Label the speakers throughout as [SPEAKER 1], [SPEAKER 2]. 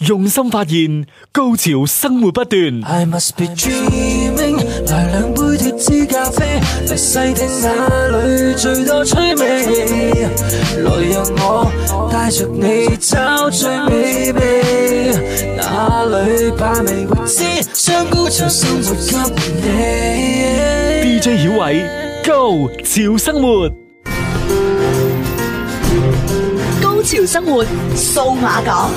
[SPEAKER 1] 用心發現，高潮生活不斷。I must be dreaming，來兩杯脱脂咖啡，嚟細聽那裏最多趣味。來讓我帶着你找最美味，baby, 哪裏把味未知，將高潮生活給你。DJ 小偉，Go，潮生活，高潮生活數碼港。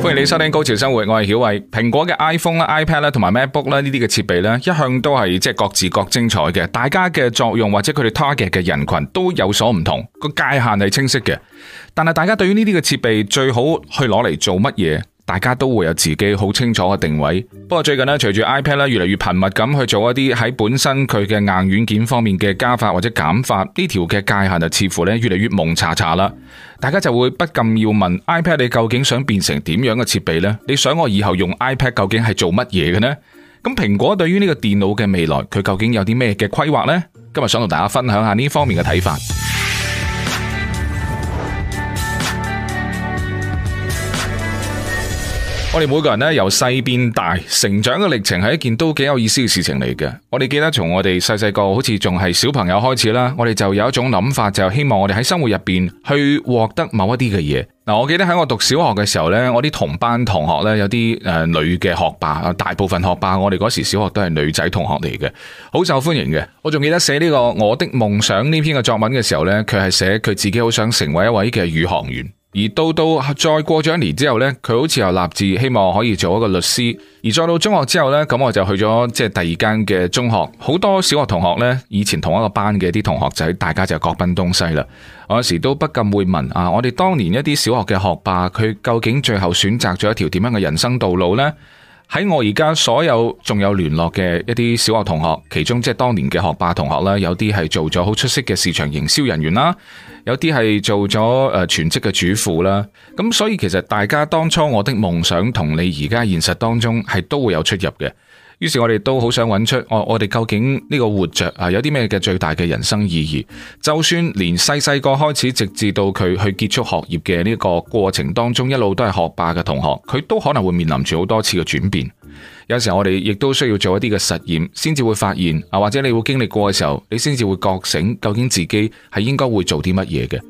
[SPEAKER 1] 歡迎你收聽《高潮生活》，我曉偉，我係曉偉。蘋果嘅 iPhone 啦、iPad 啦同埋 MacBook 啦呢啲嘅設備咧，一向都係即係各自各精彩嘅。大家嘅作用或者佢哋 target 嘅人群都有所唔同，個界限係清晰嘅。但係大家對於呢啲嘅設備最好去攞嚟做乜嘢？大家都會有自己好清楚嘅定位，不過最近呢，隨住 iPad 咧越嚟越頻密咁去做一啲喺本身佢嘅硬軟件方面嘅加法或者減法，呢條嘅界限就似乎咧越嚟越朦查查啦。大家就會不禁要問 iPad 你究竟想變成點樣嘅設備呢？你想我以後用 iPad 究竟係做乜嘢嘅呢？咁蘋果對於呢個電腦嘅未來，佢究竟有啲咩嘅規劃呢？今日想同大家分享下呢方面嘅睇法。我哋每個人咧由細變大，成長嘅歷程係一件都幾有意思嘅事情嚟嘅。我哋記得從我哋細細個，好似仲係小朋友開始啦。我哋就有一種諗法，就希望我哋喺生活入邊去獲得某一啲嘅嘢。嗱，我記得喺我讀小學嘅時候呢，我啲同班同學呢，有啲誒、呃、女嘅學霸啊，大部分學霸，我哋嗰時小學都係女仔同學嚟嘅，好受歡迎嘅。我仲記得寫呢、這個我的夢想呢篇嘅作文嘅時候呢，佢係寫佢自己好想成為一位嘅宇航員。而到到再過咗一年之後呢，佢好似又立志希望可以做一個律師。而再到中學之後呢，咁我就去咗即係第二間嘅中學。好多小學同學呢，以前同一個班嘅啲同學仔，大家就各奔東西啦。我有時都不禁會問啊，我哋當年一啲小學嘅學霸，佢究竟最後選擇咗一條點樣嘅人生道路呢？喺我而家所有仲有聯絡嘅一啲小學同學，其中即係當年嘅學霸同學啦，有啲係做咗好出色嘅市場營銷人員啦，有啲係做咗誒全職嘅主婦啦，咁所以其實大家當初我的夢想同你而家現實當中係都會有出入嘅。於是我哋都好想揾出、啊、我我哋究竟呢個活着啊有啲咩嘅最大嘅人生意義？就算連細細個開始，直至到佢去結束學業嘅呢個過程當中，一路都係學霸嘅同學，佢都可能會面臨住好多次嘅轉變。有時候我哋亦都需要做一啲嘅實驗，先至會發現啊，或者你會經歷過嘅時候，你先至會覺醒，究竟自己係應該會做啲乜嘢嘅。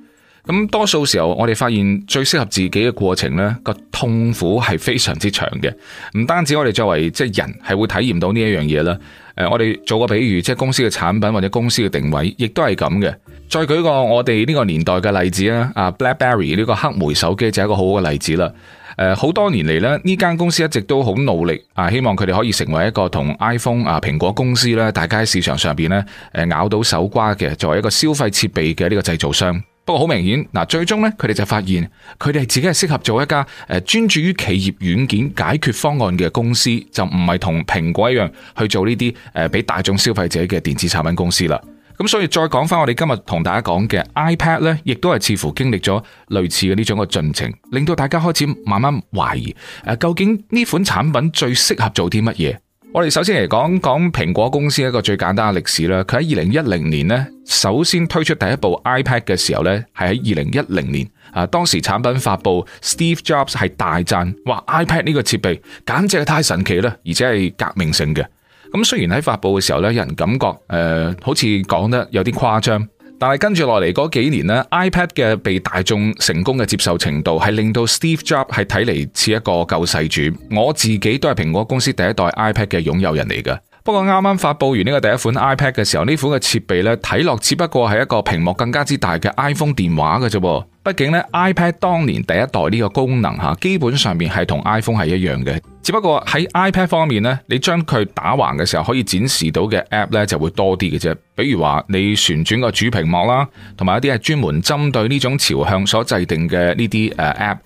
[SPEAKER 1] 咁多數時候，我哋發現最適合自己嘅過程呢個痛苦係非常之長嘅。唔單止我哋作為即係人係會體驗到呢一樣嘢啦。誒，我哋做個比喻，即係公司嘅產品或者公司嘅定位，亦都係咁嘅。再舉個我哋呢個年代嘅例子啊，啊，BlackBerry 呢個黑莓手機就係一個好好嘅例子啦。誒，好多年嚟呢，呢間公司一直都好努力啊，希望佢哋可以成為一個同 iPhone 啊蘋果公司咧，大家喺市場上邊咧，誒咬到手瓜嘅作為一個消費設備嘅呢個製造商。不過好明顯，嗱最終呢，佢哋就發現佢哋自己係適合做一家誒，專注於企業軟件解決方案嘅公司，就唔係同蘋果一樣去做呢啲誒，俾大眾消費者嘅電子產品公司啦。咁所以再講翻我哋今日同大家講嘅 iPad 呢，亦都係似乎經歷咗類似嘅呢種嘅進程，令到大家開始慢慢懷疑誒，究竟呢款產品最適合做啲乜嘢？我哋首先嚟講講蘋果公司一個最簡單嘅歷史啦，佢喺二零一零年呢，首先推出第一部 iPad 嘅時候呢，係喺二零一零年啊，當時產品發佈，Steve Jobs 係大讚，話 iPad 呢個設備簡直係太神奇啦，而且係革命性嘅。咁雖然喺發佈嘅時候呢，有人感覺誒、呃，好似講得有啲誇張。但係跟住落嚟嗰幾年咧，iPad 嘅被大眾成功嘅接受程度，係令到 Steve Jobs 係睇嚟似一個救世主。我自己都係蘋果公司第一代 iPad 嘅擁有人嚟嘅。不過啱啱發佈完呢個第一款 iPad 嘅時候，呢款嘅設備呢睇落只不過係一個屏幕更加之大嘅 iPhone 電話嘅啫。畢竟呢 iPad 當年第一代呢個功能吓，基本上面係同 iPhone 係一樣嘅。只不過喺 iPad 方面呢，你將佢打橫嘅時候可以展示到嘅 App 呢就會多啲嘅啫。比如話你旋轉個主屏幕啦，同埋一啲係專門針對呢種朝向所制定嘅呢啲誒 App。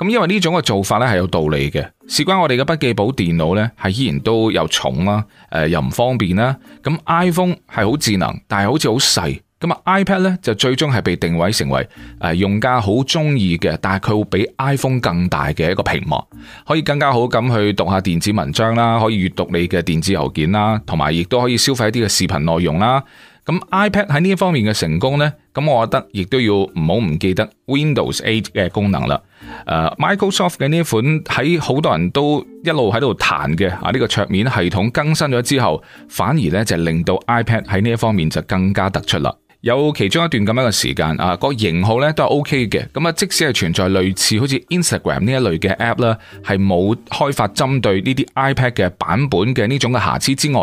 [SPEAKER 1] 咁因為呢種嘅做法咧，係有道理嘅，事關我哋嘅筆記簿電腦呢，係依然都有重，呃、又重啦，誒又唔方便啦。咁 iPhone 係好智能，但係好似好細。咁啊 iPad 呢，就最終係被定位成為誒用家好中意嘅，但係佢會比 iPhone 更大嘅一個屏幕，可以更加好咁去讀下電子文章啦，可以閱讀你嘅電子郵件啦，同埋亦都可以消費一啲嘅視頻內容啦。咁 iPad 喺呢一方面嘅成功呢，咁我覺得亦都要唔好唔記得 Windows 8嘅功能啦。誒 Microsoft 嘅呢款喺好多人都一路喺度彈嘅啊，呢個桌面系統更新咗之後，反而呢就令到 iPad 喺呢一方面就更加突出啦。有其中一段咁樣嘅時間啊，個型號呢都係 OK 嘅。咁啊，即使係存在類似好似 Instagram 呢一類嘅 App 啦，係冇開發針對呢啲 iPad 嘅版本嘅呢種嘅瑕疵之外。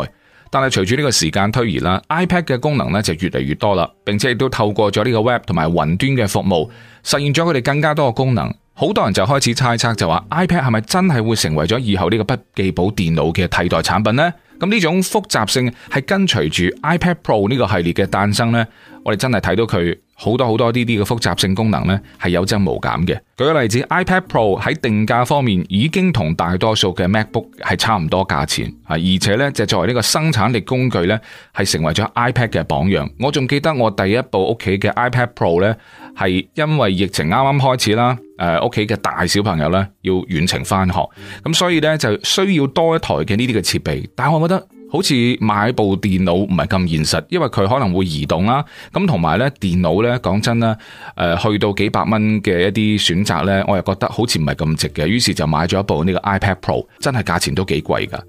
[SPEAKER 1] 但係隨住呢個時間推移啦，iPad 嘅功能咧就越嚟越多啦，並且亦都透過咗呢個 web 同埋雲端嘅服務，實現咗佢哋更加多嘅功能。好多人就開始猜測就話，iPad 係咪真係會成為咗以後呢個筆記簿電腦嘅替代產品呢？咁呢種複雜性係跟隨住 iPad Pro 呢個系列嘅誕生呢。我哋真係睇到佢。好多好多呢啲嘅複雜性功能呢係有增無減嘅。舉個例子，iPad Pro 喺定價方面已經同大多數嘅 MacBook 係差唔多價錢啊，而且呢，就作為呢個生產力工具呢，係成為咗 iPad 嘅榜樣。我仲記得我第一部屋企嘅 iPad Pro 呢，係因為疫情啱啱開始啦，誒屋企嘅大小朋友呢要遠程返學，咁所以呢，就需要多一台嘅呢啲嘅設備。但係我覺得。好似買部電腦唔係咁現實，因為佢可能會移動啦。咁同埋呢電腦呢，講真啦，誒去到幾百蚊嘅一啲選擇呢，我又覺得好似唔係咁值嘅。於是就買咗一部呢個 iPad Pro，真係價錢都幾貴㗎。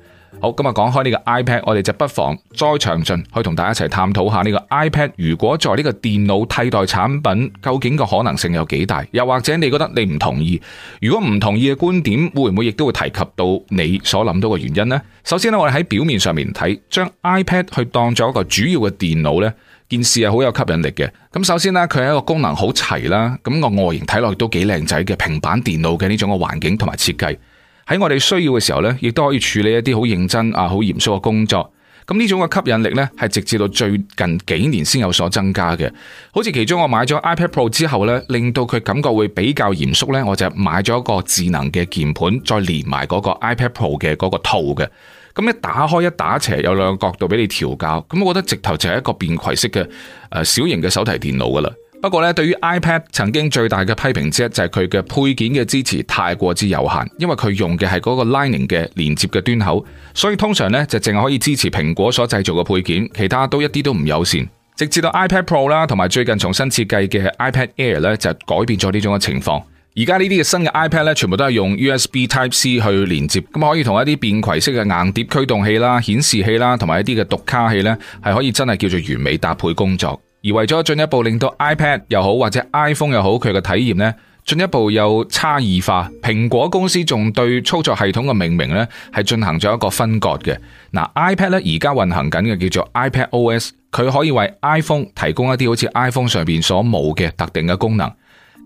[SPEAKER 1] 好，今日講開呢個 iPad，我哋就不妨再詳盡去同大家一齊探討下呢個 iPad。如果在呢個電腦替代產品，究竟個可能性有幾大？又或者你覺得你唔同意？如果唔同意嘅觀點，會唔會亦都會提及到你所諗到嘅原因呢？首先呢，我哋喺表面上面睇，將 iPad 去當作一個主要嘅電腦呢件事係好有吸引力嘅。咁首先呢，佢係一個功能好齊啦，咁個外形睇落都幾靚仔嘅平板電腦嘅呢種嘅環境同埋設計。喺我哋需要嘅時候呢，亦都可以處理一啲好認真啊、好嚴肅嘅工作。咁呢種嘅吸引力呢，係直至到最近幾年先有所增加嘅。好似其中我買咗 iPad Pro 之後呢，令到佢感覺會比較嚴肅呢，我就買咗一個智能嘅鍵盤，再連埋嗰個 iPad Pro 嘅嗰個套嘅。咁一打開一打斜，有兩個角度俾你調校。咁我覺得直頭就係一個便攜式嘅誒小型嘅手提電腦㗎喇。不過咧，對於 iPad 曾經最大嘅批評之一就係佢嘅配件嘅支持太過之有限，因為佢用嘅係嗰個 Lightning 嘅連接嘅端口，所以通常咧，就淨係可以支持蘋果所製造嘅配件，其他都一啲都唔友善。直至到 iPad Pro 啦，同埋最近重新設計嘅 iPad Air 咧，就改變咗呢種嘅情況。而家呢啲嘅新嘅 iPad 咧，全部都係用 USB Type-C 去連接，咁可以同一啲便攜式嘅硬碟驅動器啦、顯示器啦，同埋一啲嘅讀卡器咧，係可以真係叫做完美搭配工作。而為咗進一步令到 iPad 又好或者 iPhone 又好，佢嘅體驗咧，進一步又差異化。蘋果公司仲對操作系統嘅命名咧係進行咗一個分割嘅。嗱啊，iPad 咧而家運行緊嘅叫做 iPad OS，佢可以為 iPhone 提供一啲好似 iPhone 上邊所冇嘅特定嘅功能。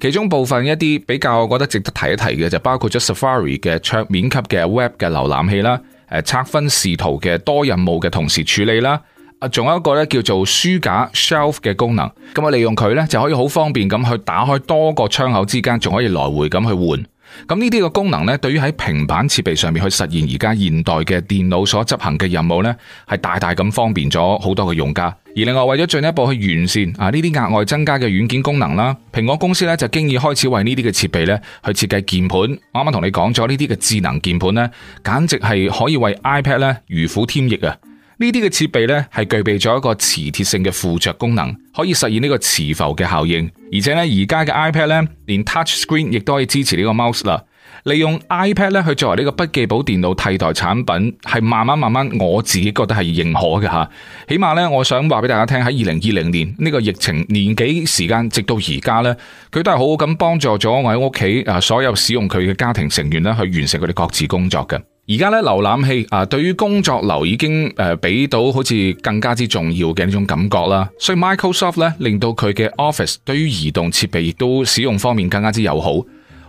[SPEAKER 1] 其中部分一啲比較我覺得值得提一提嘅就包括咗 Safari 嘅桌面級嘅 web 嘅瀏覽器啦，誒拆分視圖嘅多任務嘅同時處理啦。仲有一個咧叫做書架 shelf 嘅功能，咁我利用佢咧就可以好方便咁去打開多個窗口，之間，仲可以來回咁去換。咁呢啲嘅功能咧，對於喺平板設備上面去實現而家現代嘅電腦所執行嘅任務咧，係大大咁方便咗好多嘅用家。而另外為咗進一步去完善啊呢啲額外增加嘅軟件功能啦，蘋果公司咧就經已開始為呢啲嘅設備咧去設計鍵盤。啱啱同你講咗呢啲嘅智能鍵盤咧，簡直係可以為 iPad 咧如虎添翼啊！呢啲嘅設備咧，係具備咗一個磁鐵性嘅附着功能，可以實現呢個磁浮嘅效應。而且咧，而家嘅 iPad 咧，連 Touch Screen 亦都可以支持呢個 Mouse 啦。利用 iPad 咧去作為呢個筆記簿電腦替代產品，係慢慢慢慢，我自己覺得係認可嘅吓。起碼咧，我想話俾大家聽，喺二零二零年呢個疫情年幾時間，直到而家咧，佢都係好好咁幫助咗我喺屋企啊所有使用佢嘅家庭成員啦，去完成佢哋各自工作嘅。而家咧，瀏覽器啊，對於工作流已經誒俾、呃、到好似更加之重要嘅呢種感覺啦。所以 Microsoft 咧令到佢嘅 Office 對於移動設備亦都使用方面更加之友好。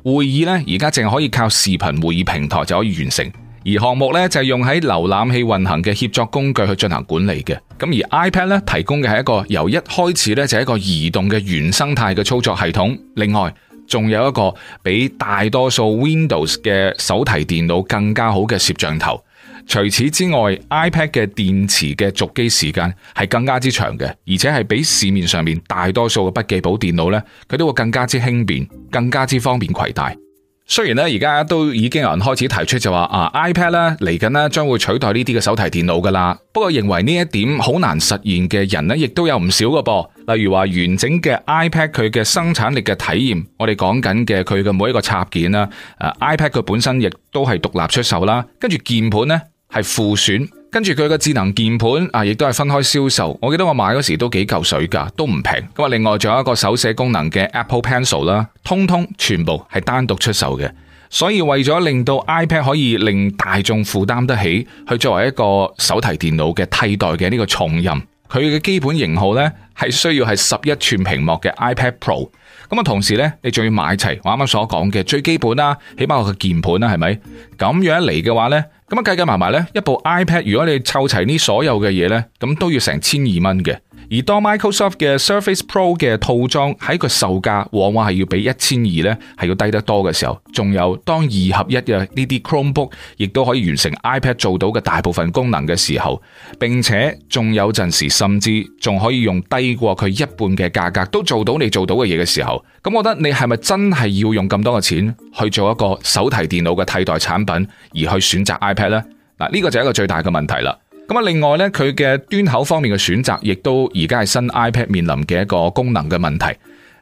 [SPEAKER 1] 會議呢，而家淨係可以靠視頻會議平台就可以完成。而項目呢，就係、是、用喺瀏覽器運行嘅協作工具去進行管理嘅。咁而 iPad 咧提供嘅係一個由一開始呢，就係一個移動嘅原生態嘅操作系統。另外。仲有一個比大多數 Windows 嘅手提電腦更加好嘅攝像頭。除此之外，iPad 嘅電池嘅續機時間係更加之長嘅，而且係比市面上面大多數嘅筆記簿電腦咧，佢都會更加之輕便，更加之方便攜帶。雖然咧而家都已經有人開始提出就話啊 iPad 咧嚟緊咧將會取代呢啲嘅手提電腦噶啦，不過認為呢一點好難實現嘅人呢，亦都有唔少個噃。例如話完整嘅 iPad 佢嘅生產力嘅體驗，我哋講緊嘅佢嘅每一個插件啦，誒、啊、iPad 佢本身亦都係獨立出售啦，跟住鍵盤呢，係附選。跟住佢嘅智能鍵盤啊，亦都係分開銷售。我記得我買嗰時都幾嚿水噶，都唔平。咁啊，另外仲有一個手寫功能嘅 Apple Pencil 啦，通通全部係單獨出售嘅。所以為咗令到 iPad 可以令大眾負擔得起，去作為一個手提電腦嘅替代嘅呢個重任，佢嘅基本型號呢係需要係十一寸屏幕嘅 iPad Pro。咁啊，同時呢，你仲要買齊我啱啱所講嘅最基本啦，起碼個鍵盤啦，係咪？咁樣一嚟嘅話呢，咁樣計計埋埋咧，一部 iPad，如果你湊齊呢所有嘅嘢咧，咁都要成千二蚊嘅。而當 Microsoft 嘅 Surface Pro 嘅套裝喺個售價，往往係要比一千二咧係要低得多嘅時候，仲有當二合一嘅呢啲 Chromebook，亦都可以完成 iPad 做到嘅大部分功能嘅時候，並且仲有陣時甚至仲可以用低過佢一半嘅價格都做到你做到嘅嘢嘅時候，咁我覺得你係咪真係要用咁多嘅錢去做一個手提電腦嘅替代產品而去選擇 iPad 呢？嗱，呢個就係一個最大嘅問題啦。咁啊，另外咧，佢嘅端口方面嘅選擇，亦都而家係新 iPad 面臨嘅一個功能嘅問題。設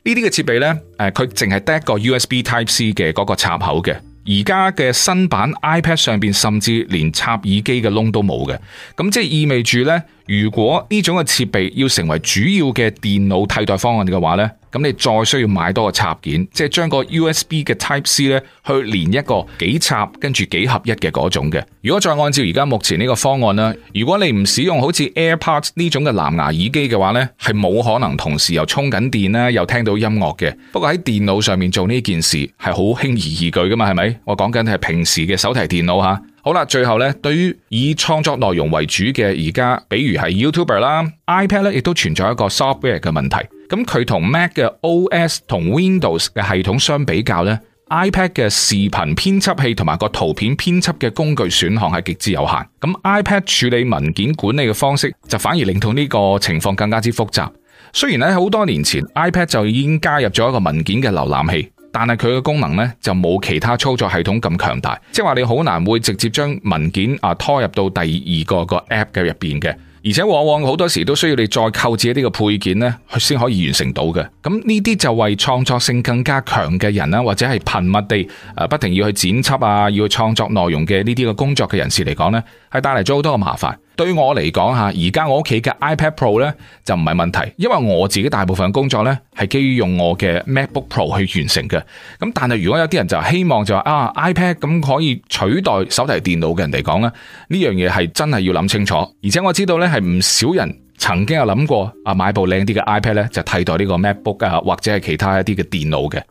[SPEAKER 1] 呢啲嘅設備咧，誒，佢淨係得一個 USB Type-C 嘅嗰個插口嘅。而家嘅新版 iPad 上邊，甚至連插耳機嘅窿都冇嘅。咁即係意味住咧。如果呢種嘅設備要成為主要嘅電腦替代方案嘅話呢，咁你再需要買多個插件，即係將個 USB 嘅 Type C 咧，去連一個幾插，跟住幾合一嘅嗰種嘅。如果再按照而家目前呢個方案啦，如果你唔使用好似 AirPods 呢種嘅藍牙耳機嘅話呢，係冇可能同時又充緊電啦，又聽到音樂嘅。不過喺電腦上面做呢件事係好輕而易舉噶嘛，係咪？我講緊係平時嘅手提電腦吓。好啦，最後咧，對於以創作內容為主嘅而家，比如係 YouTuber 啦，iPad 咧，亦都存在一個 software 嘅問題。咁佢同 Mac 嘅 OS 同 Windows 嘅系統相比較咧，iPad 嘅視頻編輯器同埋個圖片編輯嘅工具選項係極之有限。咁 iPad 處理文件管理嘅方式，就反而令到呢個情況更加之複雜。雖然喺好多年前 iPad 就已經加入咗一個文件嘅瀏覽器。但係佢嘅功能呢，就冇其他操作系統咁強大，即係話你好難會直接將文件啊拖入到第二個個 app 嘅入邊嘅，而且往往好多時都需要你再購置一啲嘅配件呢，先可以完成到嘅。咁呢啲就為創作性更加強嘅人啦，或者係頻密地誒不停要去剪輯啊，要去創作內容嘅呢啲嘅工作嘅人士嚟講呢，係帶嚟咗好多嘅麻煩。對我嚟講吓，而家我屋企嘅 iPad Pro 咧就唔係問題，因為我自己大部分嘅工作咧係基於用我嘅 MacBook Pro 去完成嘅。咁但係如果有啲人就希望就話啊 iPad 咁可以取代手提電腦嘅人嚟講咧，呢樣嘢，係真係要諗清楚。而且我知道咧係唔少人曾經有諗過啊買部靚啲嘅 iPad 咧就替代呢個 MacBook 啊或者係其他一啲嘅電腦嘅。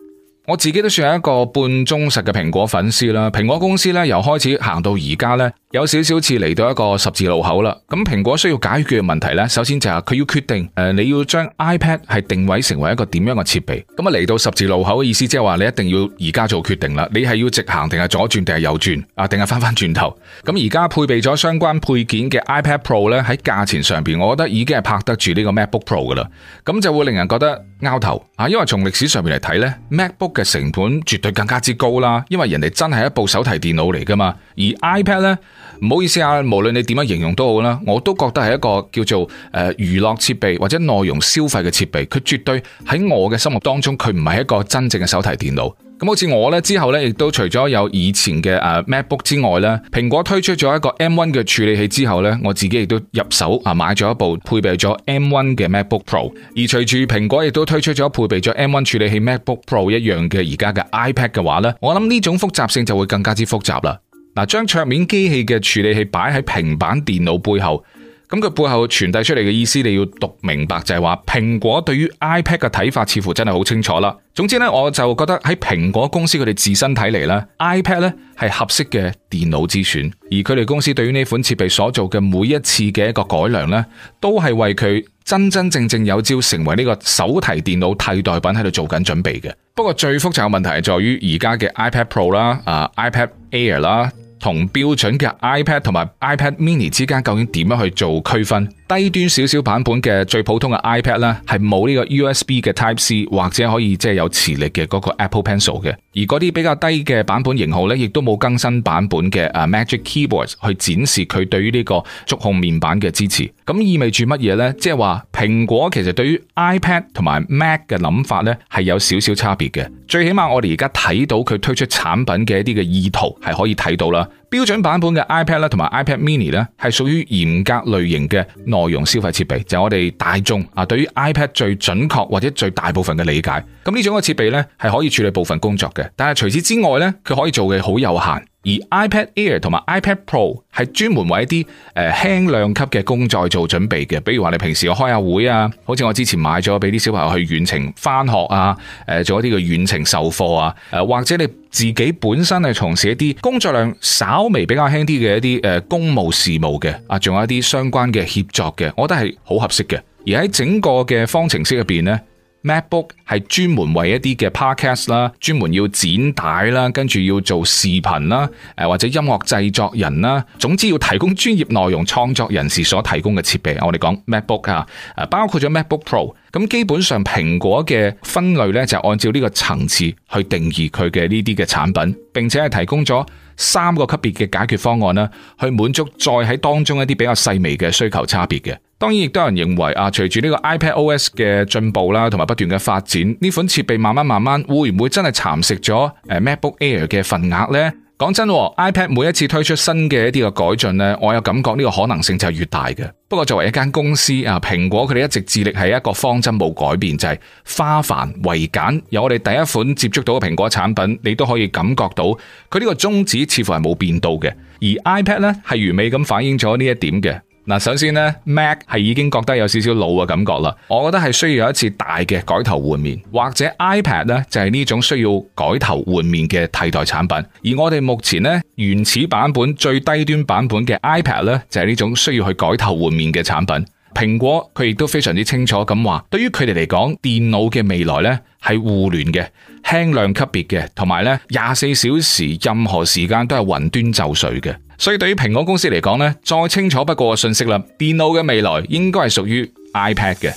[SPEAKER 1] 我自己都算係一個半忠實嘅蘋果粉絲啦。蘋果公司咧由開始行到而家咧。有少少似嚟到一個十字路口啦，咁蘋果需要解決嘅問題呢，首先就係佢要決定，誒你要將 iPad 係定位成為一個點樣嘅設備，咁啊嚟到十字路口嘅意思即係話你一定要而家做決定啦，你係要直行定係左轉定係右轉啊，定係翻翻轉頭，咁而家配備咗相關配件嘅 iPad Pro 呢，喺價錢上邊，我覺得已經係拍得住呢個 MacBook Pro 噶啦，咁就會令人覺得拗頭啊，因為從歷史上面嚟睇呢，MacBook 嘅成本絕對更加之高啦，因為人哋真係一部手提電腦嚟噶嘛，而 iPad 呢。唔好意思啊，無論你點樣形容都好啦，我都覺得係一個叫做誒娛樂設備或者內容消費嘅設備，佢絕對喺我嘅心目當中，佢唔係一個真正嘅手提電腦。咁好似我呢，之後呢亦都除咗有以前嘅誒 MacBook 之外呢，蘋果推出咗一個 M1 嘅處理器之後呢，我自己亦都入手啊買咗一部配備咗 M1 嘅 MacBook Pro。而隨住蘋果亦都推出咗配備咗 M1 處理器 MacBook Pro 一樣嘅而家嘅 iPad 嘅話呢，我諗呢種複雜性就會更加之複雜啦。嗱，將桌面機器嘅處理器擺喺平板電腦背後，咁佢背後傳遞出嚟嘅意思，你要讀明白就，就係話蘋果對於 iPad 嘅睇法，似乎真係好清楚啦。總之咧，我就覺得喺蘋果公司佢哋自身睇嚟咧，iPad 咧係合適嘅電腦之選，而佢哋公司對於呢款設備所做嘅每一次嘅一個改良咧，都係為佢。真真正正有朝成為呢個手提電腦替代品喺度做緊準備嘅。不過最複雜嘅問題係在於而家嘅 iPad Pro 啦、啊 iPad Air 啦同標準嘅 iPad 同埋 iPad Mini 之間究竟點樣去做區分？低端少少版本嘅最普通嘅 iPad 咧，係冇呢個 USB 嘅 Type C 或者可以即係有磁力嘅嗰個 Apple Pencil 嘅。而嗰啲比較低嘅版本型號咧，亦都冇更新版本嘅啊 Magic Keyboard 去展示佢對於呢個觸控面板嘅支持。咁意味住乜嘢咧？即係話蘋果其實對於 iPad 同埋 Mac 嘅諗法咧，係有少少差別嘅。最起碼我哋而家睇到佢推出產品嘅一啲嘅意圖，係可以睇到啦。標準版本嘅 iPad 咧，同埋 iPad mini 咧，係屬於嚴格類型嘅內容消費設備，就係、是、我哋大眾啊對於 iPad 最準確或者最大部分嘅理解。咁呢種嘅設備咧，係可以處理部分工作嘅，但係除此之外咧，佢可以做嘅好有限。而 iPad Air 同埋 iPad Pro 係專門為一啲誒輕量級嘅工作做準備嘅，比如話你平時要開下會啊，好似我之前買咗俾啲小朋友去遠程翻學啊，誒做一啲嘅遠程授課啊，誒或者你自己本身係從事一啲工作量稍微比較輕啲嘅一啲誒公務事務嘅，啊仲有一啲相關嘅協作嘅，我覺得係好合適嘅。而喺整個嘅方程式入邊呢，MacBook 係專門為一啲嘅 Podcast 啦，專門要剪帶啦，跟住要做視頻啦，誒或者音樂製作人啦，總之要提供專業內容創作人士所提供嘅設備。我哋講 MacBook 啊，誒包括咗 MacBook Pro。咁基本上蘋果嘅分類咧就按照呢個層次去定義佢嘅呢啲嘅產品，並且係提供咗，三個級別嘅解決方案啦，去滿足再喺當中一啲比較細微嘅需求差別嘅。當然，亦都有人認為啊，隨住呢個 iPad OS 嘅進步啦，同埋不斷嘅發展，呢款設備慢慢慢慢會唔會真係蠶食咗 MacBook Air 嘅份額呢？講真，iPad 每一次推出新嘅一啲嘅改進呢，我有感覺呢個可能性就越大嘅。不過作為一間公司啊，蘋果佢哋一直致力係一個方針冇改變，就係、是、化繁為簡。有我哋第一款接觸到嘅蘋果產品，你都可以感覺到佢呢個宗旨似乎係冇變到嘅。而 iPad 呢，係完美咁反映咗呢一點嘅。嗱，首先呢 Mac 係已經覺得有少少老嘅感覺啦，我覺得係需要有一次大嘅改頭換面，或者 iPad 呢就係呢種需要改頭換面嘅替代產品。而我哋目前呢，原始版本最低端版本嘅 iPad 呢，就係呢種需要去改頭換面嘅產品。蘋果佢亦都非常之清楚咁話，對於佢哋嚟講，電腦嘅未來呢係互聯嘅、輕量級別嘅，同埋呢廿四小時任何時間都係雲端就緒嘅。所以對於蘋果公司嚟講呢，再清楚不過嘅信息啦。電腦嘅未來應該係屬於 iPad 嘅。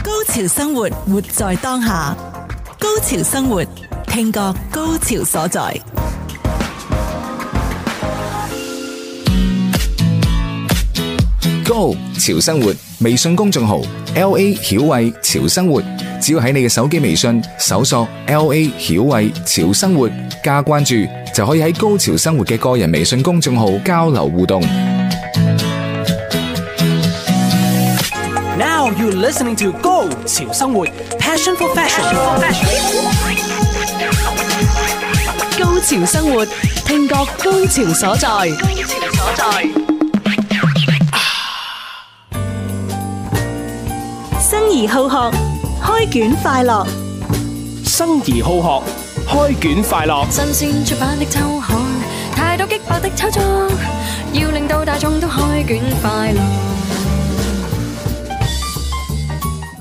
[SPEAKER 1] 高潮生活，活在當下。高潮生活，聽過高潮所在。Go！潮生活微信公眾號，L A 曉慧潮生活。只要喺你嘅手機微信搜索 L A 曉慧潮生活加關注，就可以喺高潮生活嘅個人微信公眾號交流互動。Now you're listening to 高潮生活，Passion for Fashion。高潮生活，聽覺高潮所在。高潮所在。生而好學。開卷快樂，生而好學，開卷快樂。新鮮出版的周刊，太多激爆的炒作，要令到大眾都開卷快樂。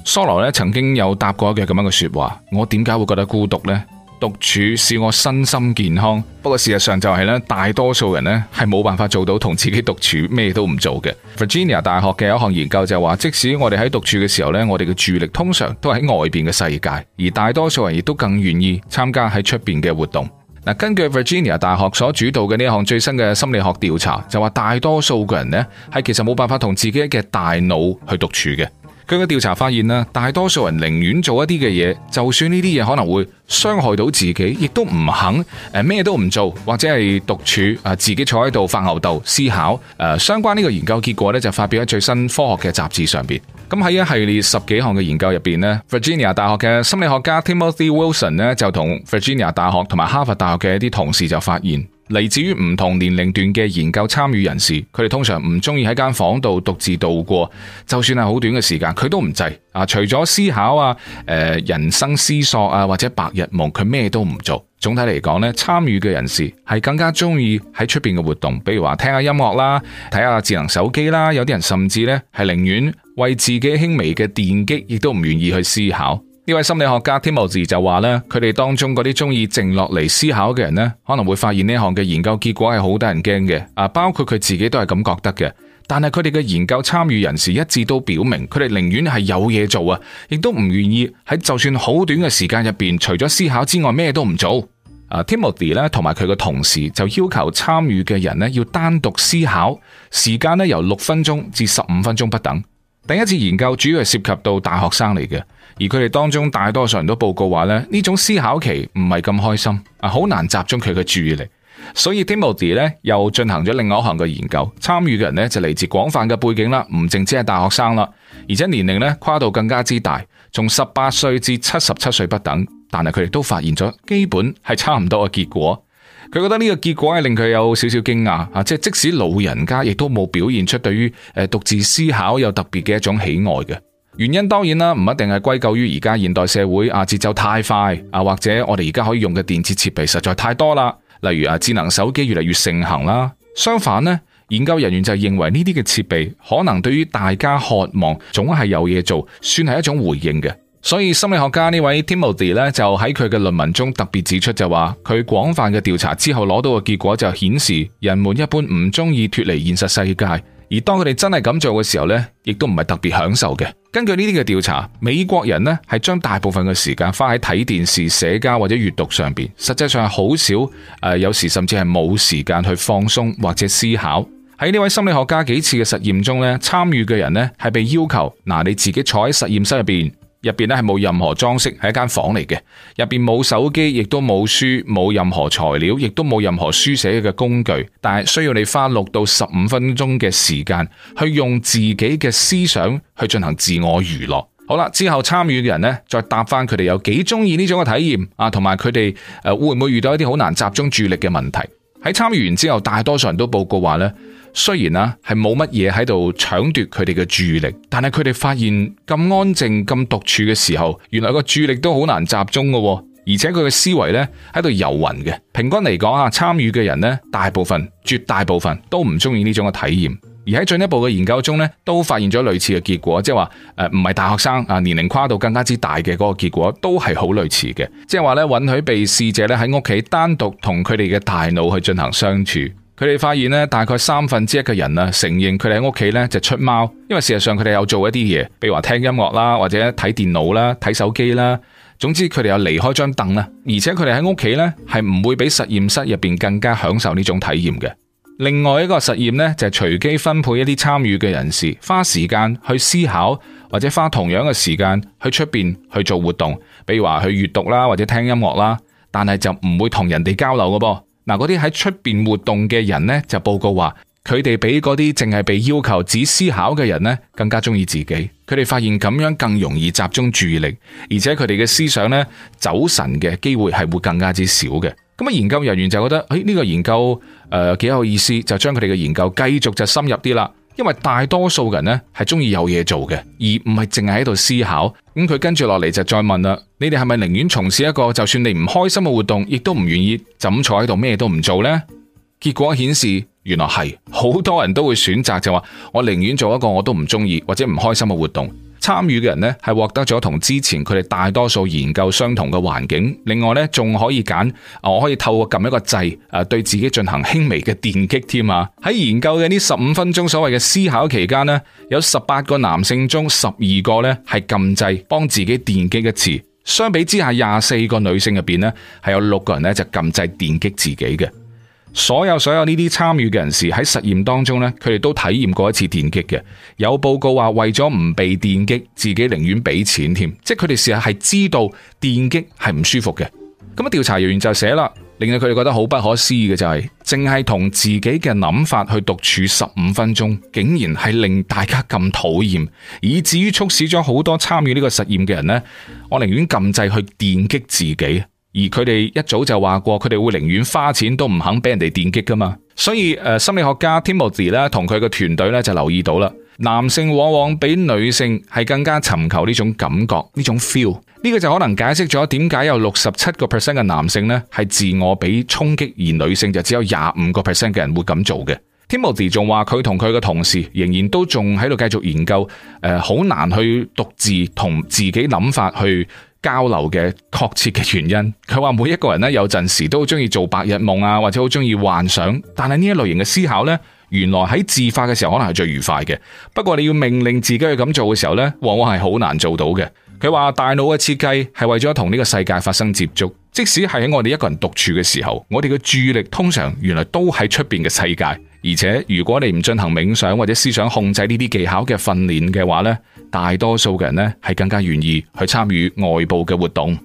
[SPEAKER 1] 梭羅咧，曾經有答過一句咁樣嘅說話：「我點解會覺得孤獨呢？」獨處使我身心健康，不過事實上就係咧，大多數人呢係冇辦法做到同自己獨處咩都唔做嘅。Virginia 大學嘅一項研究就話，即使我哋喺獨處嘅時候呢，我哋嘅注意力通常都係喺外邊嘅世界，而大多數人亦都更願意參加喺出邊嘅活動。嗱，根據 Virginia 大學所主導嘅呢一項最新嘅心理學調查，就話大多數嘅人呢係其實冇辦法同自己嘅大腦去獨處嘅。據調查發現啦，大多數人寧願做一啲嘅嘢，就算呢啲嘢可能會傷害到自己，亦都唔肯誒咩都唔做，或者係獨處啊，自己坐喺度發吽哣思考。誒、呃，相關呢個研究結果咧就發表喺最新科學嘅雜誌上邊。咁喺一系列十幾項嘅研究入邊呢 Virginia 大學嘅心理學家 Timothy Wilson 呢，就同 Virginia 大學同埋哈佛大學嘅一啲同事就發現。嚟自於唔同年齡段嘅研究參與人士，佢哋通常唔中意喺間房度獨自度過，就算係好短嘅時間，佢都唔制。啊，除咗思考啊，誒、呃、人生思索啊，或者白日夢，佢咩都唔做。總體嚟講咧，參與嘅人士係更加中意喺出邊嘅活動，比如話聽下音樂啦，睇下智能手機啦，有啲人甚至呢，係寧願為自己輕微嘅電擊，亦都唔願意去思考。呢位心理學家 Timothy 就話咧，佢哋當中嗰啲中意靜落嚟思考嘅人呢，可能會發現呢項嘅研究結果係好得人驚嘅，啊，包括佢自己都係咁覺得嘅。但係佢哋嘅研究參與人士一致都表明，佢哋寧願係有嘢做啊，亦都唔願意喺就算好短嘅時間入邊，除咗思考之外咩都唔做。啊，Timothy 咧同埋佢嘅同事就要求參與嘅人呢要單獨思考，時間呢由六分鐘至十五分鐘不等。第一次研究主要係涉及到大學生嚟嘅，而佢哋當中大多數人都報告話咧，呢種思考期唔係咁開心，啊，好難集中佢嘅注意力。所以 Timothy 咧又進行咗另外一項嘅研究，參與嘅人呢就嚟自廣泛嘅背景啦，唔淨只係大學生啦，而且年齡呢跨度更加之大，從十八歲至七十七歲不等。但係佢哋都發現咗基本係差唔多嘅結果。佢覺得呢個結果咧令佢有少少驚訝啊！即係即使老人家亦都冇表現出對於誒獨自思考有特別嘅一種喜愛嘅原因，當然啦，唔一定係歸咎於而家現代社會啊節奏太快啊，或者我哋而家可以用嘅電子設備實在太多啦，例如啊智能手機越嚟越盛行啦。相反呢，研究人員就認為呢啲嘅設備可能對於大家渴望總係有嘢做，算係一種回應嘅。所以心理學家呢位 Timothy 呢，就喺佢嘅論文中特別指出就，就話佢廣泛嘅調查之後攞到嘅結果就顯示，人們一般唔中意脫離現實世界，而當佢哋真係咁做嘅時候呢，亦都唔係特別享受嘅。根據呢啲嘅調查，美國人呢係將大部分嘅時間花喺睇電視、社交或者閱讀上邊，實際上係好少誒，有時甚至係冇時間去放鬆或者思考。喺呢位心理學家幾次嘅實驗中呢，參與嘅人呢係被要求嗱，你自己坐喺實驗室入邊。入邊咧，係冇任何裝飾，係一間房嚟嘅。入邊冇手機，亦都冇書，冇任何材料，亦都冇任何書寫嘅工具。但係需要你花六到十五分鐘嘅時間，去用自己嘅思想去進行自我娛樂。好啦，之後參與嘅人呢，再答翻佢哋有幾中意呢種嘅體驗啊，同埋佢哋誒會唔會遇到一啲好難集中注意力嘅問題？喺參與完之後，大多數人都報告話呢。雖然啊，係冇乜嘢喺度搶奪佢哋嘅注意力，但係佢哋發現咁安靜、咁獨處嘅時候，原來個注意力都好難集中嘅，而且佢嘅思維呢，喺度遊魂嘅。平均嚟講啊，參與嘅人呢，大部分、絕大部分都唔中意呢種嘅體驗。而喺進一步嘅研究中呢，都發現咗類似嘅結果，即係話誒，唔係大學生啊，年齡跨度更加之大嘅嗰個結果都係好類似嘅，即係話呢，允許被試者咧喺屋企單獨同佢哋嘅大腦去進行相處。佢哋發現咧，大概三分之一嘅人啊，承認佢哋喺屋企咧就出貓，因為事實上佢哋有做一啲嘢，比如話聽音樂啦，或者睇電腦啦、睇手機啦，總之佢哋有離開張凳啦，而且佢哋喺屋企咧係唔會比實驗室入邊更加享受呢種體驗嘅。另外一個實驗呢，就係隨機分配一啲參與嘅人士，花時間去思考，或者花同樣嘅時間去出邊去做活動，比如話去閱讀啦，或者聽音樂啦，但係就唔會同人哋交流嘅噃。嗱，嗰啲喺出邊活動嘅人呢，就報告話，佢哋比嗰啲淨係被要求只思考嘅人呢更加中意自己。佢哋發現咁樣更容易集中注意力，而且佢哋嘅思想呢走神嘅機會係會更加之少嘅。咁啊，研究人員就覺得，誒呢個研究誒幾有意思，就將佢哋嘅研究繼續就深入啲啦。因為大多數人咧係中意有嘢做嘅，而唔係淨係喺度思考。咁、嗯、佢跟住落嚟就再問啦：「你哋係咪寧願從事一個就算你唔開心嘅活動，亦都唔願意就咁坐喺度咩都唔做呢？」結果顯示，原來係好多人都會選擇就話：「我寧願做一個我都唔中意或者唔開心嘅活動。參與嘅人咧係獲得咗同之前佢哋大多數研究相同嘅環境，另外咧仲可以揀啊，我可以透過撳一個掣啊，對自己進行輕微嘅電擊添啊！喺研究嘅呢十五分鐘所謂嘅思考期間咧，有十八個男性中十二個咧係撳掣幫自己電擊嘅詞，相比之下廿四個女性入邊咧係有六個人咧就撳掣電擊自己嘅。所有所有呢啲參與嘅人士喺實驗當中呢，佢哋都體驗過一次電擊嘅。有報告話，為咗唔被電擊，自己寧願俾錢添。即係佢哋事實係知道電擊係唔舒服嘅。咁啊，調查人員就寫啦，令到佢哋覺得好不可思議嘅就係，淨係同自己嘅諗法去獨處十五分鐘，竟然係令大家咁討厭，以至於促使咗好多參與呢個實驗嘅人呢，我寧願㩒掣去電擊自己。而佢哋一早就話過，佢哋會寧願花錢都唔肯俾人哋電擊噶嘛。所以誒、呃，心理學家 Timothy 咧同佢個團隊咧就留意到啦，男性往往比女性係更加尋求呢種感覺呢種 feel。呢、這個就可能解釋咗點解有六十七個 percent 嘅男性咧係自我俾衝擊，而女性就只有廿五個 percent 嘅人會咁做嘅。Timothy 仲話佢同佢嘅同事仍然都仲喺度繼續研究，誒、呃，好難去獨自同自己諗法去交流嘅確切嘅原因，佢話每一個人呢，有陣時都好中意做白日夢啊，或者好中意幻想，但係呢一類型嘅思考呢，原來喺自發嘅時候可能係最愉快嘅。不過你要命令自己去咁做嘅時候呢，往往係好難做到嘅。佢話大腦嘅設計係為咗同呢個世界發生接觸，即使係喺我哋一個人獨處嘅時候，我哋嘅注意力通常原來都喺出邊嘅世界。而且，如果你唔進行冥想或者思想控制呢啲技巧嘅訓練嘅話咧，大多數嘅人咧係更加願意去參與外部嘅活動。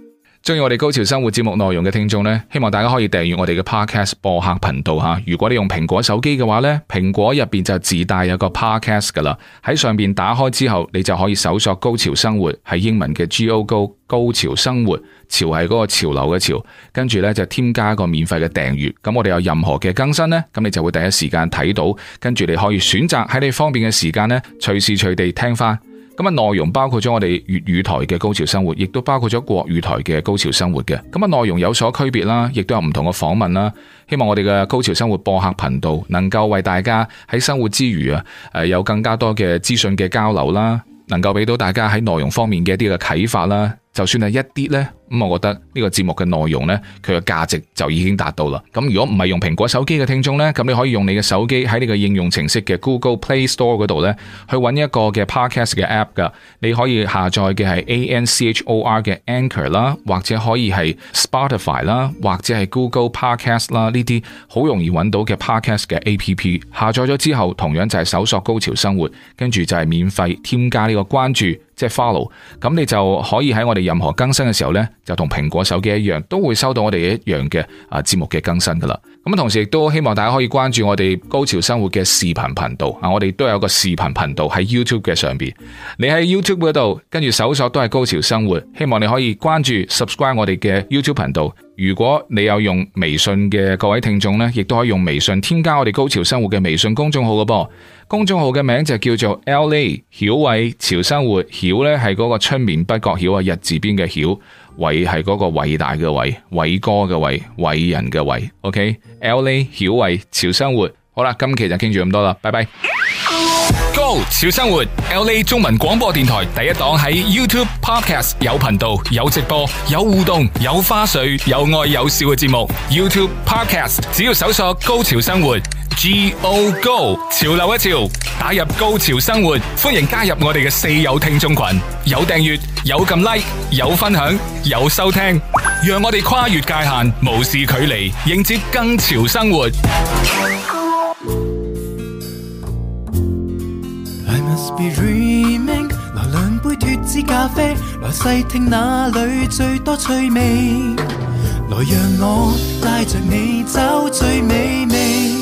[SPEAKER 1] 中意我哋高潮生活節目內容嘅聽眾呢，希望大家可以訂閱我哋嘅 Podcast 播客頻道吓。如果你用蘋果手機嘅話呢，蘋果入邊就自帶有個 Podcast 噶啦。喺上邊打開之後，你就可以搜索高潮生活，係英文嘅 Go Go 高潮生活，潮係嗰個潮流嘅潮。跟住呢，就添加一個免費嘅訂閱。咁我哋有任何嘅更新呢，咁你就會第一時間睇到。跟住你可以選擇喺你方便嘅時間呢，隨時隨地聽翻。咁啊，內容包括咗我哋粵語台嘅《高潮生活》，亦都包括咗國語台嘅《高潮生活》嘅。咁啊，內容有所區別啦，亦都有唔同嘅訪問啦。希望我哋嘅《高潮生活》播客頻道能夠為大家喺生活之餘啊，誒，有更加多嘅資訊嘅交流啦，能夠俾到大家喺內容方面嘅一啲嘅啟發啦。就算係一啲呢，咁我覺得呢個節目嘅內容呢，佢嘅價值就已經達到啦。咁如果唔係用蘋果手機嘅聽眾呢，咁你可以用你嘅手機喺你嘅應用程式嘅 Google Play Store 嗰度呢，去揾一個嘅 Podcast 嘅 App 㗎，你可以下載嘅係 A N C H O R 嘅 Anchor 啦，或者可以係 Spotify 啦，或者係 Google Podcast 啦，呢啲好容易揾到嘅 Podcast 嘅 APP。下載咗之後，同樣就係搜索高潮生活，跟住就係免費添加呢個關注。即係 follow，咁你就可以喺我哋任何更新嘅時候呢，就同蘋果手機一樣，都會收到我哋一樣嘅啊節目嘅更新噶啦。咁同時亦都希望大家可以關注我哋高潮生活嘅視頻頻道啊，我哋都有個視頻頻道喺 YouTube 嘅上面。你喺 YouTube 嗰度跟住搜索都係高潮生活，希望你可以關注 subscribe 我哋嘅 YouTube 頻道。如果你有用微信嘅各位聽眾呢，亦都可以用微信添加我哋高潮生活嘅微信公眾號噶噃。公眾號嘅名就叫做 L A 曉偉潮生活，曉咧係嗰個春眠不覺曉啊，日字邊嘅曉，偉係嗰個偉大嘅偉，偉哥嘅偉，偉人嘅偉。OK，L A 曉偉潮生活，好啦，今期就傾住咁多啦，拜拜。高潮生活，L A 中文廣播電台第一檔喺 YouTube Podcast 有頻道、有直播、有互動、有花絮、有愛有笑嘅節目。YouTube Podcast 只要搜索《高潮生活》。G O Go，潮流一潮，打入高潮生活。歡迎加入我哋嘅四有聽眾群，有訂閱，有撳 like，有分享，有收聽，讓我哋跨越界限，無視距離，迎接更潮生活。I must be dreaming，拿兩杯脫脂咖啡，來細聽哪裏最多趣味，來讓我帶着你找最美味。